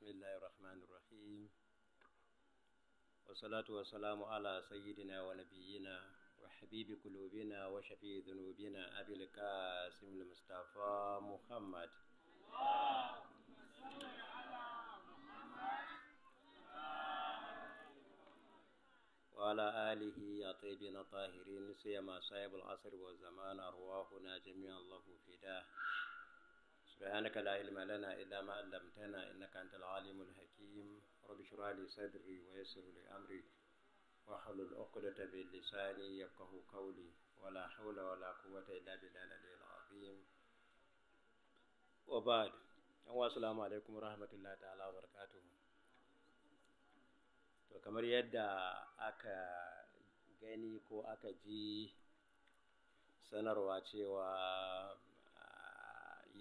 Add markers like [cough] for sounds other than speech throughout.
بسم الله الرحمن الرحيم والصلاة والسلام على سيدنا ونبينا وحبيب قلوبنا وشفي ذنوبنا أبي القاسم المصطفى محمد وعلى آله الطيبين الطاهرين سيما صاحب العصر والزمان أرواحنا جميعا الله فداه سبحانك لا علم لنا إلا ما علمتنا إنك أنت العالم الحكيم رب اشرح لي صدري ويسر لي أمري واحلل عقدة من لساني يفقه قولي ولا حول ولا قوة إلا بالله العلي العظيم وبعد السلام عليكم ورحمة الله تعالى وبركاته to kamar yadda aka gani ko aka ji sanarwa cewa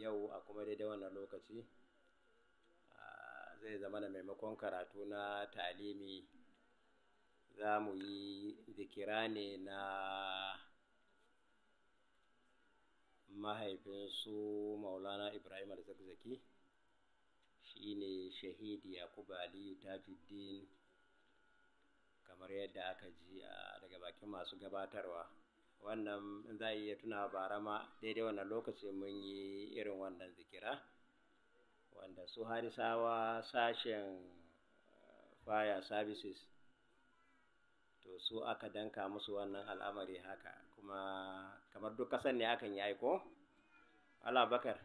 yau a kuma daidai wannan lokaci zai zama da maimakon karatu na talimi za mu yi zikira ne na mahaifinsu maulana ibrahim al shi ne shahidi yakubu aliyu tajuddin kamar yadda aka ji daga bakin masu gabatarwa wannan in za iya tuna bara ma daidai wannan lokaci mun yi irin wannan zikira wanda su harisawa sashen eh, fire services to su aka danka musu wannan al'amari haka kuma kamar duk kasan ne akan yi aiko alabakar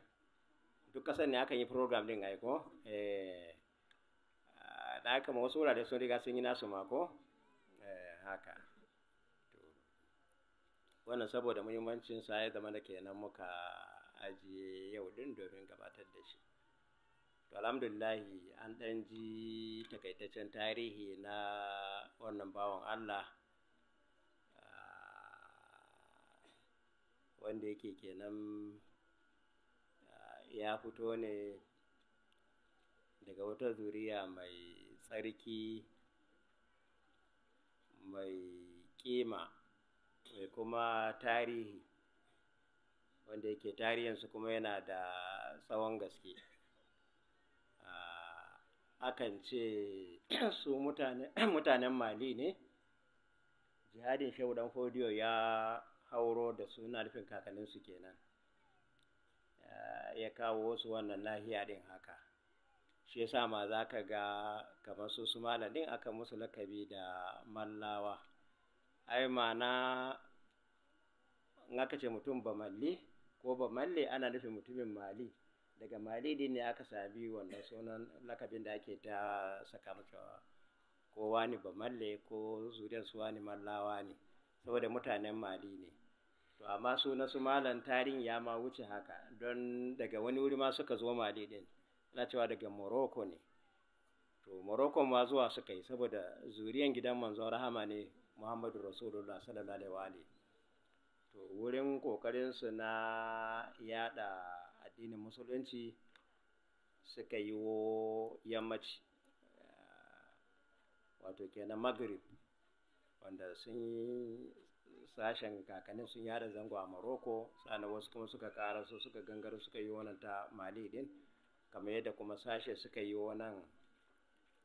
duk kasan ne akan yi program din aiko eh da haka wasu wurare sun riga sun yi nasu mako eh, haka wannan saboda muhimmancin sa ya zama da kenan muka ajiye yau din domin gabatar da shi to alhamdulillahi an ɗan ji takaitaccen tarihi na wannan bawon allah ah, wanda yake kenan ah, ya fito ne daga wata zuriya mai tsarki mai kima mai kuma tarihi wanda yake tarihinsu kuma yana da tsawon gaske ah, akan ce [clears throat] su [clears throat] mutanen mali ne jihadin shaudan dan ya hauro da su na nufin kakanninsu kenan ah, ya kawo wasu wannan nahiya din haka shi yasa ma za ka ga kamar su su malamin aka musu lakabi da mallawa ai mana in aka ce mutum ba malle ko ba malle ana nufin mutumin mali daga mali din ne aka sami wannan sunan lakabin da ake ta saka masa ko wani ba malle ko zuriyar su wani mallawa ne saboda mutanen mali ne to amma su na su malan tarin ya ma wuce haka don daga wani wuri ma suka zo mali din ana cewa daga morocco ne to morocco ma zuwa suka yi saboda zuriyar gidan manzon rahama ne muhammadu rasulullah sallallahu alaihi wa to wurin ƙoƙarinsu na yaɗa addinin musulunci suka yi wo yammaci eh, wato kenan maghrib wanda sun sashen kakannin sun yada zango a Morocco sannan wasu kuma suka ƙara su suka gangaro suka yi wannan ta Mali din kamar yadda kuma sashe suka yi wannan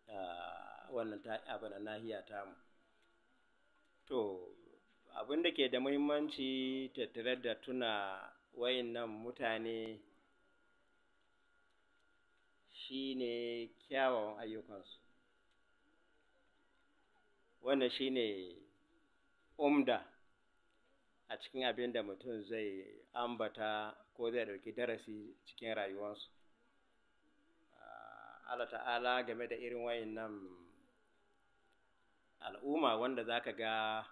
eh, wannan ta abin nahiya ta mu to abin da ke da muhimmanci tattare da tuna wayannan mutane shine kyawawan ayyukansu wannan shine umda a cikin abin da mutum zai ambata ko zai ɗauki darasi cikin rayuwarsu ah, Allah ta'ala game da irin wayannan al'umma wanda za ka ga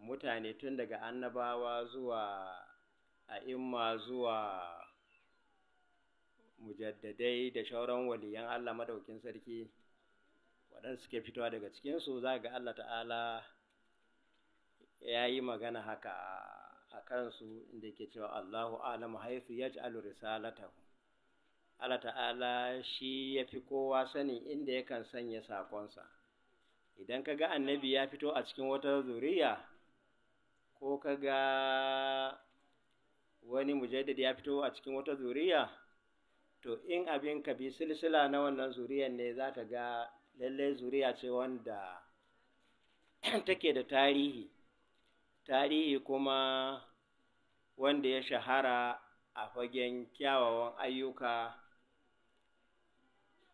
mutane tun daga annabawa zuwa a'imma zuwa mujaddadai da shauran waliyan Allah madaukin sarki waɗansu suke fitowa daga cikinsu za ga Allah ta'ala ya yi magana haka a kansu inda ke cewa Allahu alamu haifu ya ji'alu risalatahu Allah ta'ala shi ya fi kowa sani, inda yakan sanya sakonsa idan ka ga annabi ya fito a cikin wata zuriya ko ka ga wani mujaddid ya fito a cikin wata zuriya to in abin ka bi silsila na wannan zuriyan ne za ka ga lallai zuriya ce wanda [clears throat] take da tarihi tarihi kuma wanda ya shahara a fagen kyawawan ayyuka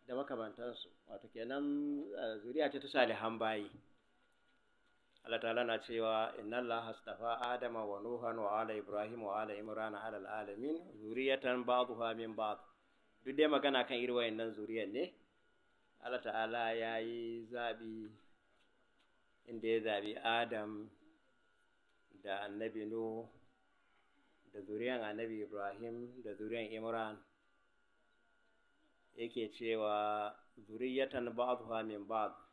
da makamantansu wato kenan eh, zuriya ce ta salihan bayi Allah ta'ala na cewa inna Allah hastafa Adama wa Nuhan wa ala Ibrahim wa ala Imran ala alamin zuriyatan ba'dha min ba'd duk dai magana kan irin wayannan zuriyar ne Allah ta'ala yayi zabi inda ya zabi Adam da annabi Nuh da zuriyan annabi Ibrahim da zuriyan Imran yake cewa zuriyatan ba'dha min ba'd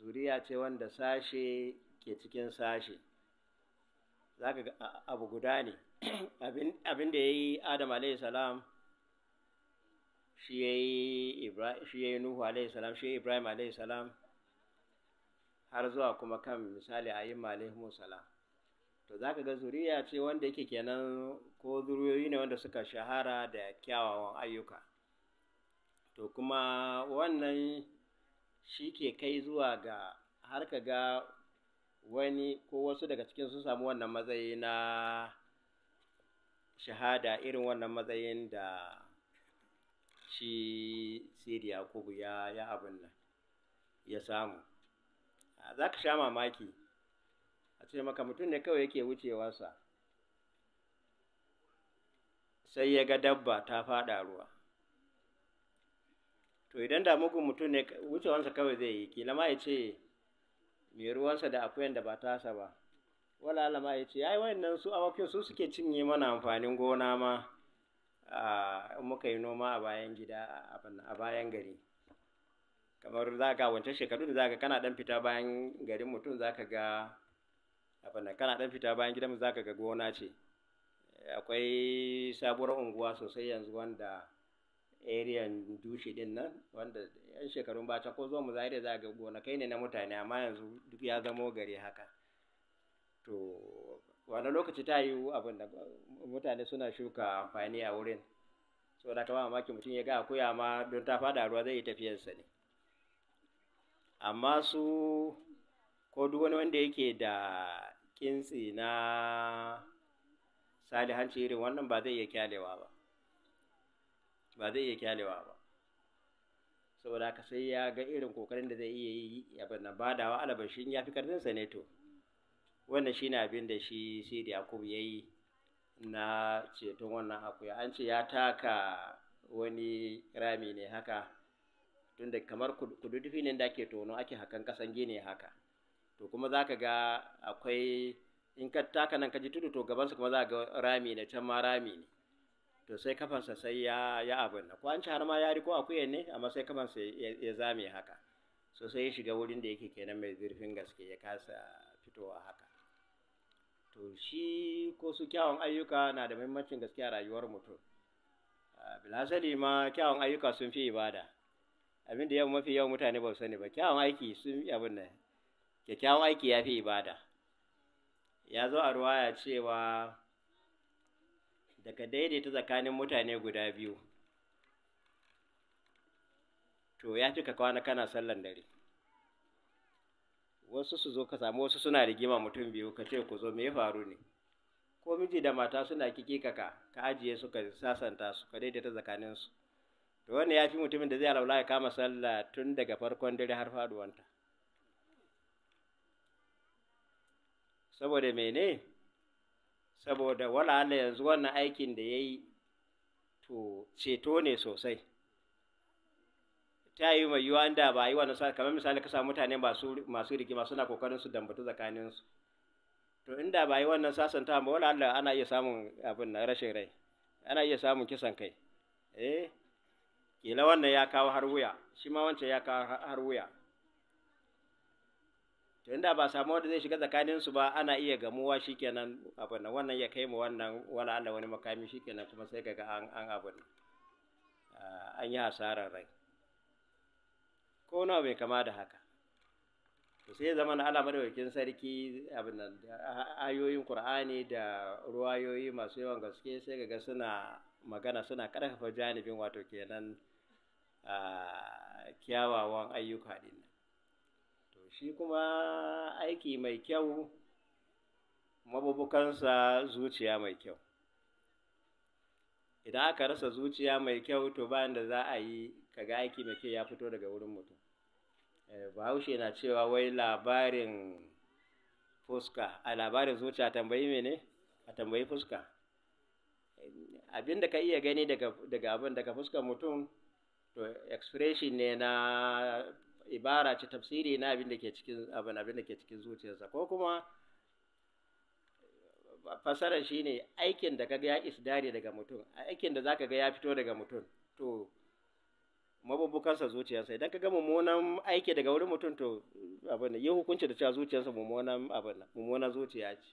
zuriya ce wanda sashe ke cikin sashe za ka ga abu guda ne [clears throat] abin da ya yi adam salam shi ya yi nuhu salam shi ya yi ibrahim salam har zuwa kuma kan misali a yin salam to za ka ga zuriya ce wanda yake kenan ko zuriyoyi ne wanda suka shahara da kyawawan ayyuka to kuma wannan shi ke kai zuwa ga har ka ga wani ko wasu daga cikin sun samu wannan matsayi na shahada irin wannan matsayin da shi Sidi Yakubu ya ya abin nan ya samu za ka sha mamaki a ce maka mutum ne kawai yake wucewarsa sai ya ga dabba ta faɗa ruwa to idan da mugun mutum ne wucewansa kawai zai yi kila ma ya ce mai ruwansa da akwai da ba tasa ba wala alama ya ce ai wayannan su awakin su suke cinye mana amfanin gona ma in muka yi noma a bayan gida a bayan gari kamar za ka wancan shekaru da za ka kana dan fita bayan garin mutum za ka ga abinda kana dan fita bayan gidan za ka ga gona ce akwai sabuwar unguwa sosai yanzu wanda ariyan dushe din nan wanda yan shekarun bata ko zuwa mu zaire za ga gonakai ne na mutane amma yanzu duk ya zamo gari haka to wani lokaci ta yi abin da mutane suna shuka amfani a wurin so da kama mamaki mutum ya ga akuya ma don ta fada ruwa zai yi tafiyarsa ne amma su ko duk wani wanda yake da kintsi na salihanci irin wannan ba zai iya kyalewa ba ba zai iya kyalewa ba saboda haka sai ya ga irin kokarin da zai iya yi abin na badawa alabashin ya fi karfinsa ne to wannan shine abin da shi sai da yakubu ya yi na ceton wannan akuya an ce ya taka wani rami ne haka tunda kamar kududdufi ne da ake tono ake hakan kasan gine haka to kuma za ka ga akwai in ka taka nan ka ji tudu to su kuma za ga rami ne can ma rami ne to sai kafansa sai ya ya abin nan ko an ci har ma yari ko akuyan ne amma sai kafansa ya zame haka so sai ya shiga wurin da yake kenan mai zurfin gaske ya kasa fitowa haka to shi ko su kyawun ayyuka na da muhimmancin gaske a rayuwar mutum asali ma kyawun ayyuka sun fi ibada abin da yau mafi yawan mutane ba su sani ba kyawun aiki sun fi abin kyakkyawan aiki ya fi ibada ya zo a ruwaya cewa daga daidaita tsakanin mutane guda biyu to ya fi kwana kana sallan dare wasu su zo ka samu wasu suna rigima mutum biyu ka ce ku zo me ya faru ne ko miji da mata suna kikikaka ka ajiye su ka sasanta su ka daidaita tsakanin su to wannan ya fi mutumin da zai alaula ya kama sallah tun daga farkon dare har faduwanta saboda mene saboda wala Allah yanzu wannan aikin da ya yi to ceto ne sosai ta yi mai yiwuwa da ba yi wannan kamar misali ka samu mutane masu rigima suna kokarin su dambatu tsakaninsu to inda ba yi wannan ta ba wala Allah ana iya samun abin na rashin rai ana iya samun kisan kai eh kila wannan ya kawo har wuya shi ma wancan ya kawo har wuya to inda ba samu wanda zai shiga tsakanin su ba ana iya gamuwa shikenan abin nan wannan ya kai mu wannan wala Allah wani makami shikenan kuma sai kaga an an abin ah, an yi hasarar rai ko na bai kama da haka to sai zama na Allah madaukakin sarki abin nan ayoyin Qur'ani da ruwayoyi masu yawan gaske sai kaga suna magana suna karfafa janibin wato kenan ah, kyawawan ayyuka din shi kuma aiki mai kyau mabubukansa zuciya mai kyau idan aka rasa zuciya mai kyau to bayan da za a yi kaga aiki mai kyau ya fito daga wurin mutum eh, bahaushe na cewa wai labarin fuska a labarin zuciya tambayi mene a tambayi fuska abin da ka iya gani daga abin daga fuskar mutum to expression ne na ibara ce tafsiri na abin da ke cikin abin abin da ke cikin zuciyarsa ko kuma fasarar shine aikin da kaga ya isdari daga mutum aikin da zaka ga ya fito daga mutum to mabubukansa zuciyarsa idan kaga mummunan aiki daga wurin mutum to abin yi hukunci da cewa zuciyarsa mummunan abin mummunan zuciya ce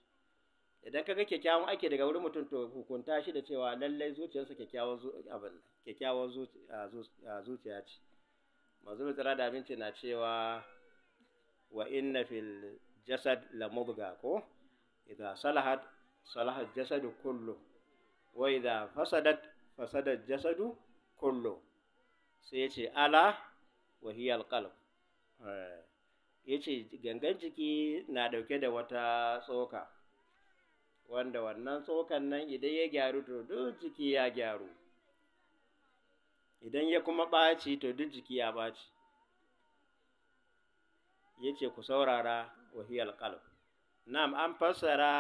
idan kaga kyakkyawan aiki daga wurin mutum to hukunta shi da cewa lallai zuciyarsa kyakkyawan abin kyakkyawan zuciya ce manzo tsira da abinci na cewa wa inna fil jasad la mudga ko idza salahat salaha jasadu kullu wa idza fasadat fasada jasadu kullu sai yace ala wa hiya al qalb eh, yace gangan jiki na dauke da wata tsoka wanda wannan tsokan nan idan ya gyaru to duk jiki ya gyaru idan ya kuma ɓaci to duk jiki ya ɓaci ya ce ku saurara wahiyar kalb na'am an fassara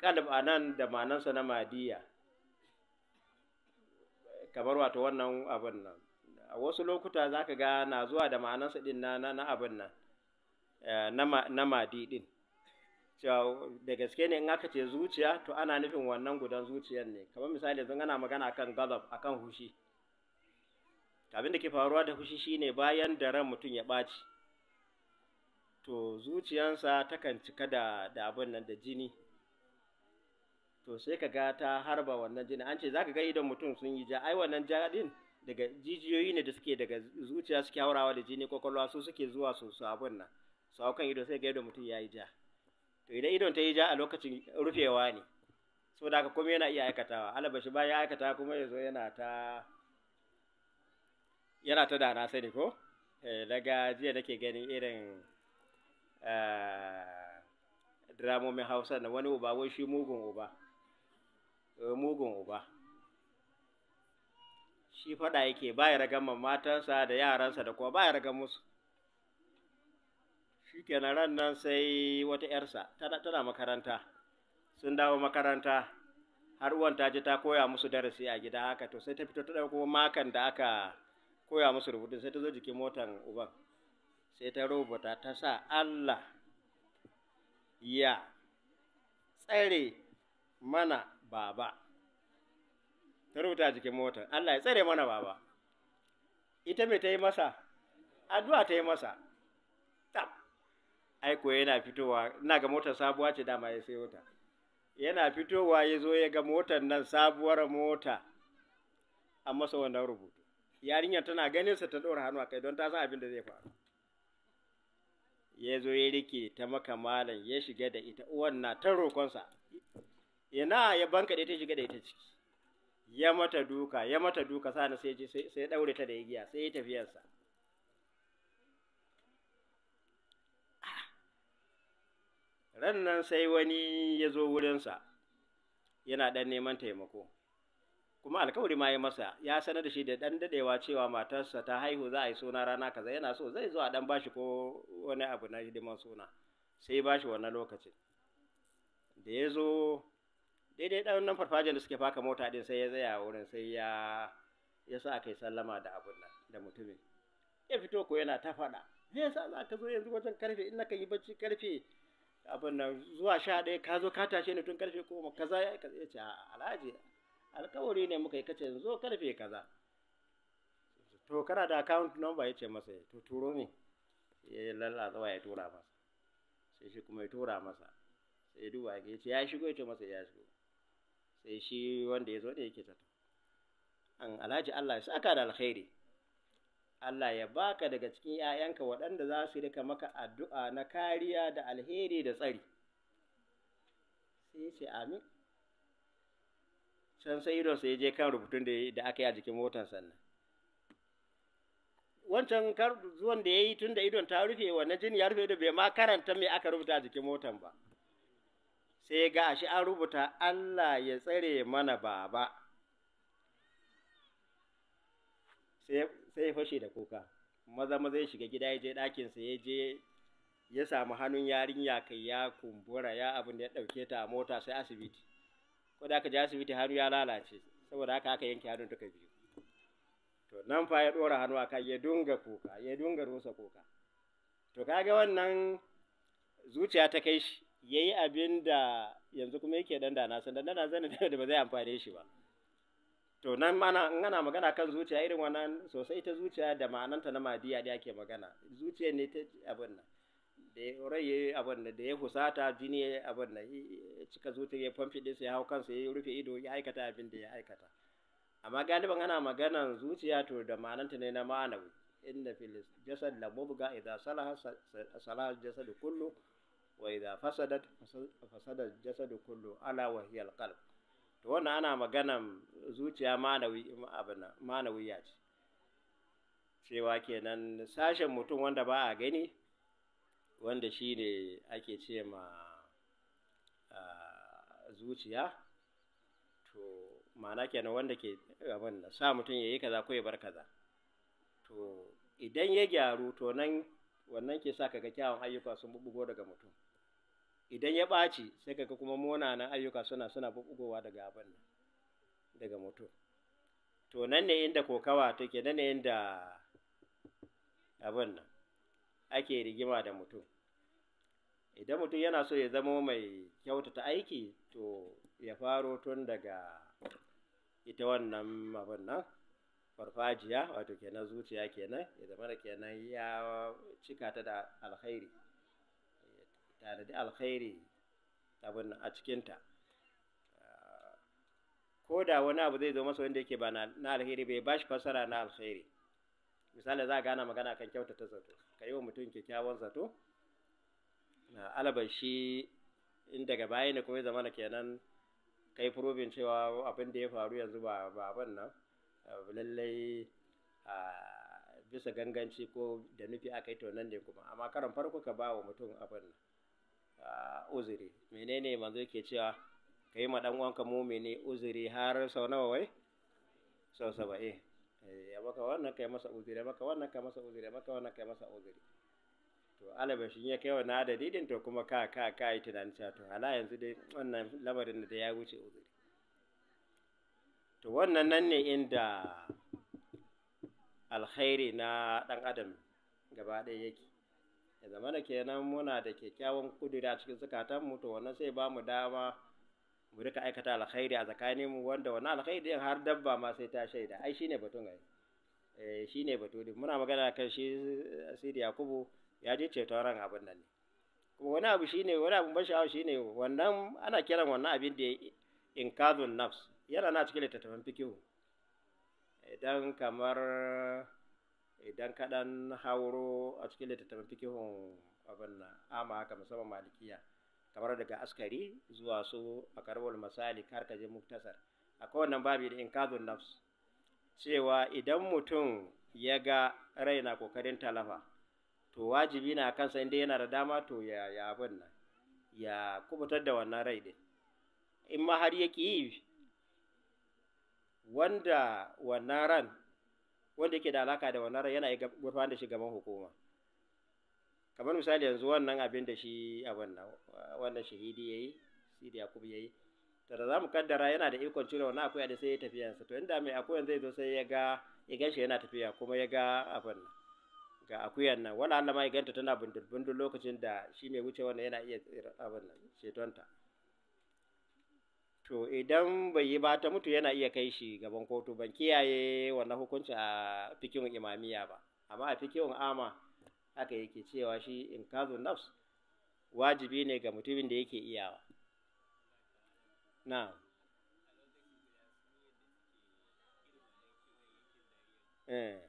kalb eh, a nan da manansa na madiya kamar wato wannan abin nan a wasu lokuta za ka ga na zuwa da ma'anansa ɗin na abin nan eh, na madi ɗin da gaske ne in aka ce zuciya to ana nufin wannan gudan zuciyar ne kamar misali zan ana magana akan gazab akan hushi abin da ke faruwa da hushi shine bayan da ran mutum ya ɓaci to zuciyansa takan cika da abin nan da jini to sai ka ga ta harba wannan jini an ce za ka ga idan mutum sun yi ja ai wannan ja din daga jijiyoyi ne da suke daga zuciya suke haurawa da jini kwakwalwa su suke zuwa su abin nan Sau kan ido sai ga idan mutum ya yi ja to idan idon ta yi ja a lokacin rufewa ne da haka kuma yana iya aikatawa alabashi bayan aikata kuma yazo yana ta yana ta dana sani ko daga eh, jiya nake gani irin eh, dramomin hausa na wani uba wai shi mugun uba eh, mugun uba shi fada yake baya ragan matansa da yaransa da kuma bayar ragan musu shikenan ran nan sai wata yarsa tana makaranta sun dawo makaranta har uwan ta je ta koya musu darasi a gida haka to sai ta fito ta dauko makan da aka koya musu rubutun sai ta zo jikin motan uban sai ta rubuta ta sa Allah ya tsare mana baba ta rubuta jikin motan Allah ya tsare mana baba ita mai ta yi masa addu'a ta yi masa aiko yana fitowa ina ga motar sabuwa ce dama ya sayo ta yana fitowa ya zo ya ga motar nan sabuwar mota a masa wannan rubutu yarinyar tana ganin sa ta ɗora hannu a kai don ta san abin da zai faru ya zo ya rike ta maka malam ya shiga da ita uwan na ta roƙonsa yana ya banka da ta shiga da ita ciki ya mata duka ya mata duka sana sai sai daure ta da igiya sai ya tafiyarsa ran nan sai wani ya zo wurinsa yana ɗan neman taimako kuma alkawari ma ya masa ya sanar da shi da ɗan daɗewa cewa matarsa ta haihu za a yi suna rana kaza yana so zai zo a ɗan bashi ko wani abu na hidiman suna sai bashi wannan lokacin da ya zo daidai ɗan nan farfajiyar da suke faka mota ɗin sai ya tsaya wurin sai ya ya sa aka yi sallama da abun da mutumin ya fito ko yana ta faɗa me yasa za ka zo yanzu wajen karfe in na ka yi bacci karfe abin nan zuwa sha ɗaya ka zo ka tashe ni tun karfe goma kaza ya ce alhaji alkawari ne muka yi kace yanzu karfe kaza to kana da account number ya ce masa to turo ne ya lalla ya tura masa sai shi kuma ya tura masa sai duba ya ce ya shigo ya ce masa ya shigo sai shi wanda ya zo ne yake ta an alhaji Allah ya saka da alkhairi Allah ya baka daga cikin ‘ya'yanka waɗanda za su rika maka addu'a na kariya da alheri da tsari. Sai ce amin. Can sai idonsa ya je kan rubutun da aka yi a jikin motar sannan. Wancan zuwan da ya yi tun da idon ta rufe wa na jini ya rufe da bai ma karanta mai aka rubuta a jikin motar ba. Sai ga shi an rubuta Allah ya tsare mana baba. Sai sai ya fashe da kuka maza maza ya shiga gida ya je sa ya je ya samu hannun yarinya kai ya kumbura ya abin da ya ɗauke ta a mota sai asibiti ko da aka je asibiti hannu ya lalace saboda haka aka yanke hannun duka biyu to nan fa ya ɗora hannu a kai ya dunga kuka ya dunga rusa kuka to kaga wannan zuciya ta kai shi yayi abin yanzu kuma yake dandana san dandana zan da ba zai amfane shi ba to nan mana in ana magana kan zuciya irin wannan sosai ta zuciya da ma'ananta na madiya da ake magana zuciya ne ta abin nan da rai ya abin nan da ya husata jini ya abin nan cika zuciya ya famfi ɗinsa ya hau kansa ya rufe ido ya aikata abin da ya aikata amma galiban ana maganan zuciya to da ma'ananta ne na ma'anawi inna fil jasad la mubga idza salaha salaha jasad kullu wa idza fasadat fasadat jasad kullu ala wa hiya al qalb to wannan ana maganan zuciya wuya ce cewa kenan sashen mutum wanda ba a gani wanda shi ne ake ce ma zuciya to mana kenan wanda ke abin sa mutum ya yi kaza ko ya bar kaza to idan ya gyaru to nan wannan ke sa kaga kyawun ayyuka sun bubugo daga mutum idan ya ɓaci sai kaga kuma munanan ayyuka suna suna bugowa daga abin nan daga mutum to nan ne inda kokawa take nan ne inda abin nan ake rigima da mutum idan mutum yana so ya zama mai kyautata aiki to ya faro tun daga ita wannan abin nan farfajiya wato kenan zuciya kenan ya zama da kenan ya cika ta da alkhairi da alkhairi abin a cikinta ko da wani abu zai zo masa wanda yake ba na alkhairi bai bashi fasara na alkhairi misali za a gana magana kan kyautata zato ka yi wa mutum kyakkyawan zato alabar shi in daga baya ne kuma ya kenan kai furobin cewa abin da ya faru yanzu ba ban nan lallai bisa ganganci ko da nufi aka yi to nan ne kuma amma karan farko ka ba wa mutum abin nan Uh, uzuri menene manzo yake cewa kai ma dan uwanka mumini uzuri har sau nawa wai sau saba'in eh, ya maka wannan kai masa uzuri ya maka wannan kai masa uzuri ya maka wannan kai masa uzuri to shi ya kai wani adadi din to kuma ka ka ka yi tunanin cewa to hala yanzu dai wannan lamarin da ya wuce uzuri to wannan nan ne inda alkhairi na ɗan adam gaba ɗaya yake ya zama da kenan muna da kyakkyawan kudiri a cikin zukatanmu to wannan sai ba mu dama mu rika aikata alkhairi a tsakanin mu wanda wannan alkhairi har dabba ma sai ta shaida ai shine batun ai eh shine batu din muna magana kan shi Sidi Yakubu ya je ceto ran abin nan ne kuma wani abu shine wani abu ban sha'awa shine wannan ana kiran wannan abin da inkazun nafs yana na cikin littattafan fikihu idan kamar idan ka dan hauro a cikin littattafan fikihun abin nan ama haka musamman malikiya kamar daga askari zuwa su a karɓar misali har ka je muktasar a kowannan babi da inkazun nafs cewa idan mutum ya ga rai na kokarin talafa to wajibi na kansa inda yana da dama to ya ya abin nan ya kubutar da wannan rai din in ma har yake yi wanda wannan ran wanda yake da alaka da wannan yana gurfan da shi gaban hukuma kamar misali yanzu wannan abin da shi abin nan wannan shahidi yayi sidi yayi to da zamu kaddara yana da ikon cire wannan akuya da sai ya tafiya sa to inda mai akuyan zai zo sai ya ga ya ganshi yana tafiya kuma ya ga abin ga akuyan nan wala Allah ma ya ganta tana bundul lokacin da shi mai wuce wannan yana iya abin nan cetonta to idan bai yi ba ta mutu yana iya kai shi gaban kotu ban kiyaye wannan hukunci a fikin imamiya ba amma a fikin ama haka yake cewa shi in kazu nafs wajibi ne ga mutumin da yake iyawa na eh.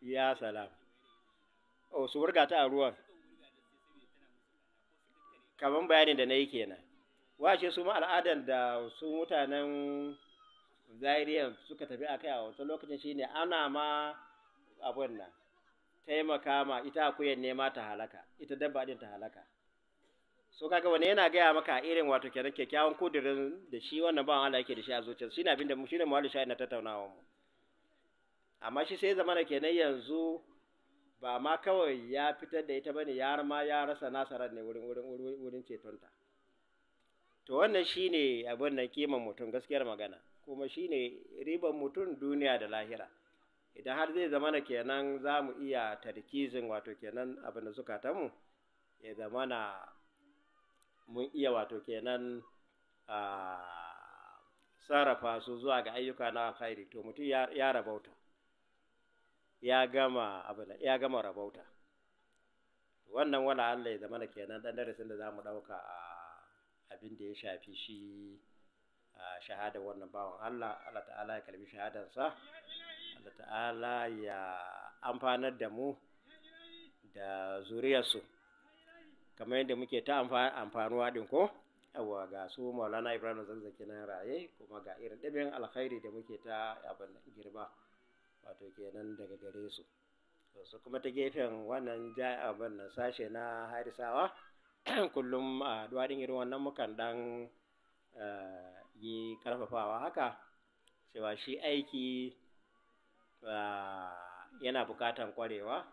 ya salam Oh, su wurga ta a ruwan kamar bayanin da na yi kenan washe su ma al'adar da su mutanen zairiya suka tafi a kai a wancan lokacin shine ana ma abin nan taimaka ma ita akuyar nema ta halaka ita dabba din ta halaka so kaga wani yana gaya maka irin wato kenan kyakkyawan kudirin da shi wannan ba Allah yake da shi a zuciyarsa na abin da mu shine muhalli shayi na tattaunawa mu amma shi sai zamana kenan yanzu ba ma kawai ya fitar da ita ba ne ya ma ya rasa nasarar ne wurin wurin cetonta to wannan shine abin nan kiman mutum gaskiyar magana kuma shine riban mutum duniya da lahira idan har zai zamana kenan za mu iya tarkizin wato kenan abin da suka mu ya zamana mun iya wato kenan ah, sarrafa su zuwa ga ayyuka na khairi to mutum ya rabauta ya gama abin ya gama rabauta wannan wala Allah ya zama da kenan dan darasin da zamu dauka a abin da ya shafi shi shahada wannan bawan Allah Allah ta'ala ya kalbi shahadansa Allah ta'ala ya amfanar da mu da zuriyarsu kamar yadda muke ta amfanuwa din ko yawa ga su maulana ibrahim zazzaki na raye kuma ga irin ɗabin alkhairi da muke ta abin girma wato kenan daga gare su su kuma ta gefen wannan abin nan sashe na harisawa [clears throat] kullum a duwaɗin irin wannan mukan dan yi karfafawa haka cewa shi aiki yana bukatan kwarewa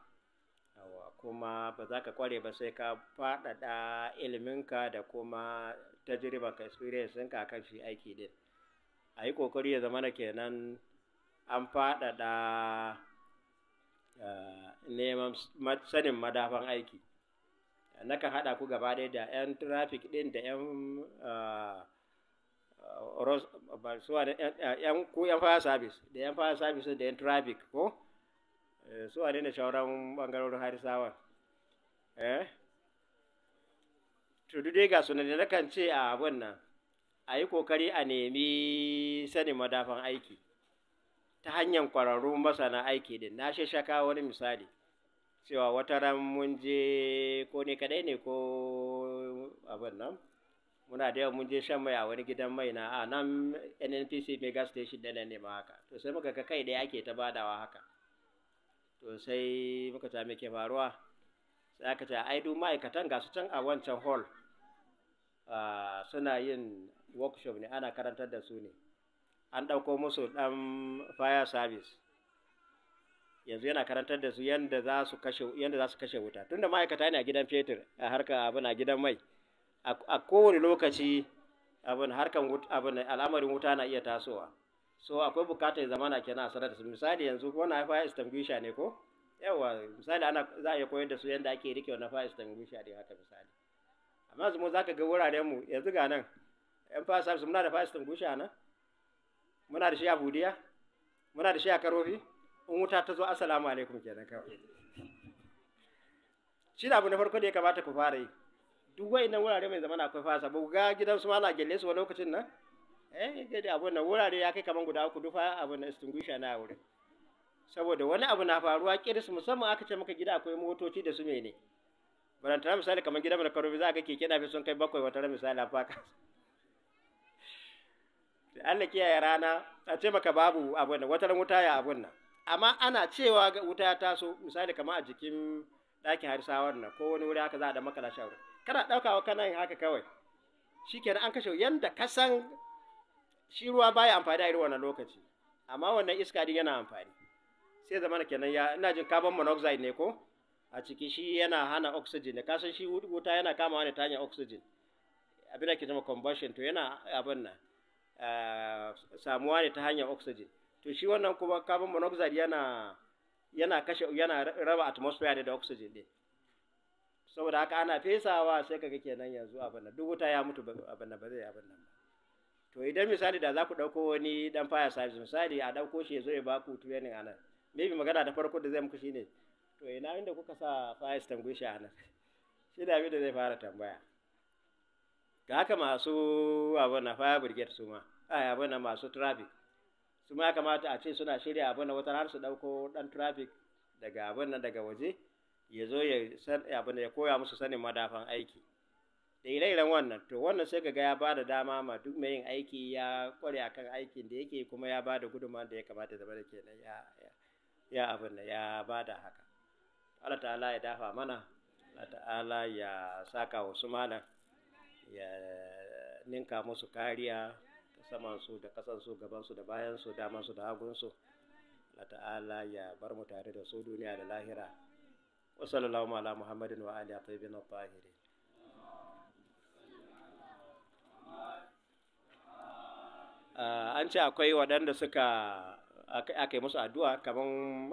kuma ba za ka kware ba sai ka faɗaɗa iliminka da kuma tajiribanka experience ɗinka kan shi aiki din a yi ƙoƙari ya zama na kenan an faɗaɗa eh, neman sanin madafan aiki ka haɗa ku gaba ɗaya da 'yan trafik ɗin da 'yan eh, eh, ku 'yan fire service da 'yan fire service da 'yan trafik ko su ne da shauran ɓangarorin harisawa eh tudu dai ga sunan da nakan ce a abin nan a yi kokari a nemi sanin madafan aiki ta hanyar ƙwararru masana aiki din na shaka wani misali cewa wata ran mun je ko ne kadai ne ko abin nan muna da yawa mun je shan mai a wani gidan mai na a nan nnpc mega station da ne ma haka to sai muka ga kai ɗaya ake ta badawa haka to sai muka ta me ke faruwa sai aka ce ai duk ma'aikatan ga su can a wancan hall suna yin workshop ne ana karantar da su ne an ɗauko musu ɗan fire service yanzu yana karantar da su yadda za su kashe za su kashe wuta tunda ma'aikata ne a gidan fetur a harka abin a gidan mai a kowane lokaci abin harkan abin al'amarin wuta na iya tasowa so akwai bukatar zamana kenan a sanar da su misali yanzu ko na fire extinguisher ne ko yawa misali ana za a iya koyar da su yadda ake rike wannan fire extinguisher ne haka misali amma yanzu mu zaka ga wuraren mu yanzu ga nan yan fire service muna da fire extinguisher nan muna da shi a budiya muna da shi a karofi in wuta ta zo assalamu alaikum kenan kawai shi da abu na farko da ya kamata ku fara yi duk wa'annan wurare mai na akwai fasa ba ga gidan su mala gelle su wani lokacin nan eh da abu na wurare ya kai kaman guda uku dufa abu na extinguisher na wurin saboda wani abu na faruwa kiris musamman aka ce maka gida akwai motoci da su mene barantana misali kamar gidan mai karofi za ga keke na fi sun kai bakwai wata misali a fakas Allah kiyaye rana a ce maka babu abun nan wataran wuta ya abun nan amma ana cewa wuta ya taso misali kamar a jikin ɗakin harsawar nan ko wani wuri haka za a da maka lashe kana wa kana yin haka kawai shikenan an kashe yanda ka san shi ruwa baya amfani a irin wannan lokaci amma wannan iska din yana amfani sai zamana kenan ya ina jin carbon monoxide ne ko a ciki shi yana hana oxygen ne kasan shi wuta yana kama wani ta hanyar oxygen abin da ke zama combustion to yana abin nan Eh, samuwa ne ta hanyar oxygen to shi wannan kuma carbon monoxide yana yana kashe yana raba atmosphere da oxygen din saboda haka ana fesawa sai kaga kenan yanzu abin nan duk wuta ya mutu abin nan ba zai abin nan ba to idan misali da za ku ɗauko wani dan fire service misali a ɗauko shi ya zo ya baku training a nan maybe magana da farko da zai muku shine to ina inda kuka sa fire extinguisher a nan [laughs] shi da abin da zai fara tambaya Ga haka masu abin na fire brigade su ma abin na masu traffic su ma kamata a ce suna shirya abin na wata har su dauko dan traffic daga abin nan daga waje ya zo ya koya musu sanin madafan aiki da ire-iren wannan to wannan sai ga ya bada dama ma duk mai yin aiki ya kware akan aikin da yake kuma ya bada gudunman da ya kamata da bada kenan ya ya abin da ya bada haka Allah ta'ala ya dafa mana Allah ta'ala ya saka wasu malam ya ninka musu kariya samansu da kasansu gabansu da bayansu damansu da hagunsu Allah ta'ala ya bar mu tare da su duniya da lahira wa sallallahu ala muhammadin wa alihi tayyibin tahirin an ce akwai waɗanda suka aka yi musu addu'a kamar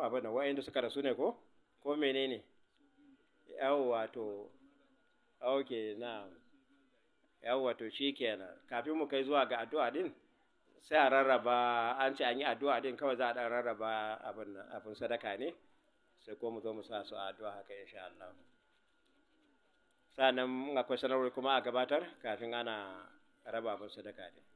abin da wa'inda suka rasu ne ko ko menene Yawo wato okay no. yawwa to kenan kafin mu kai zuwa ga addu'a din sai a rarraba an ce an yi addu'a din kawai za a dan rarraba abin nan abin sadaka ne sai ko mu zo mu sa su addu'a haka insha Allah sanan akwai sanarwar kuma a gabatar kafin ana raba abin sadaka din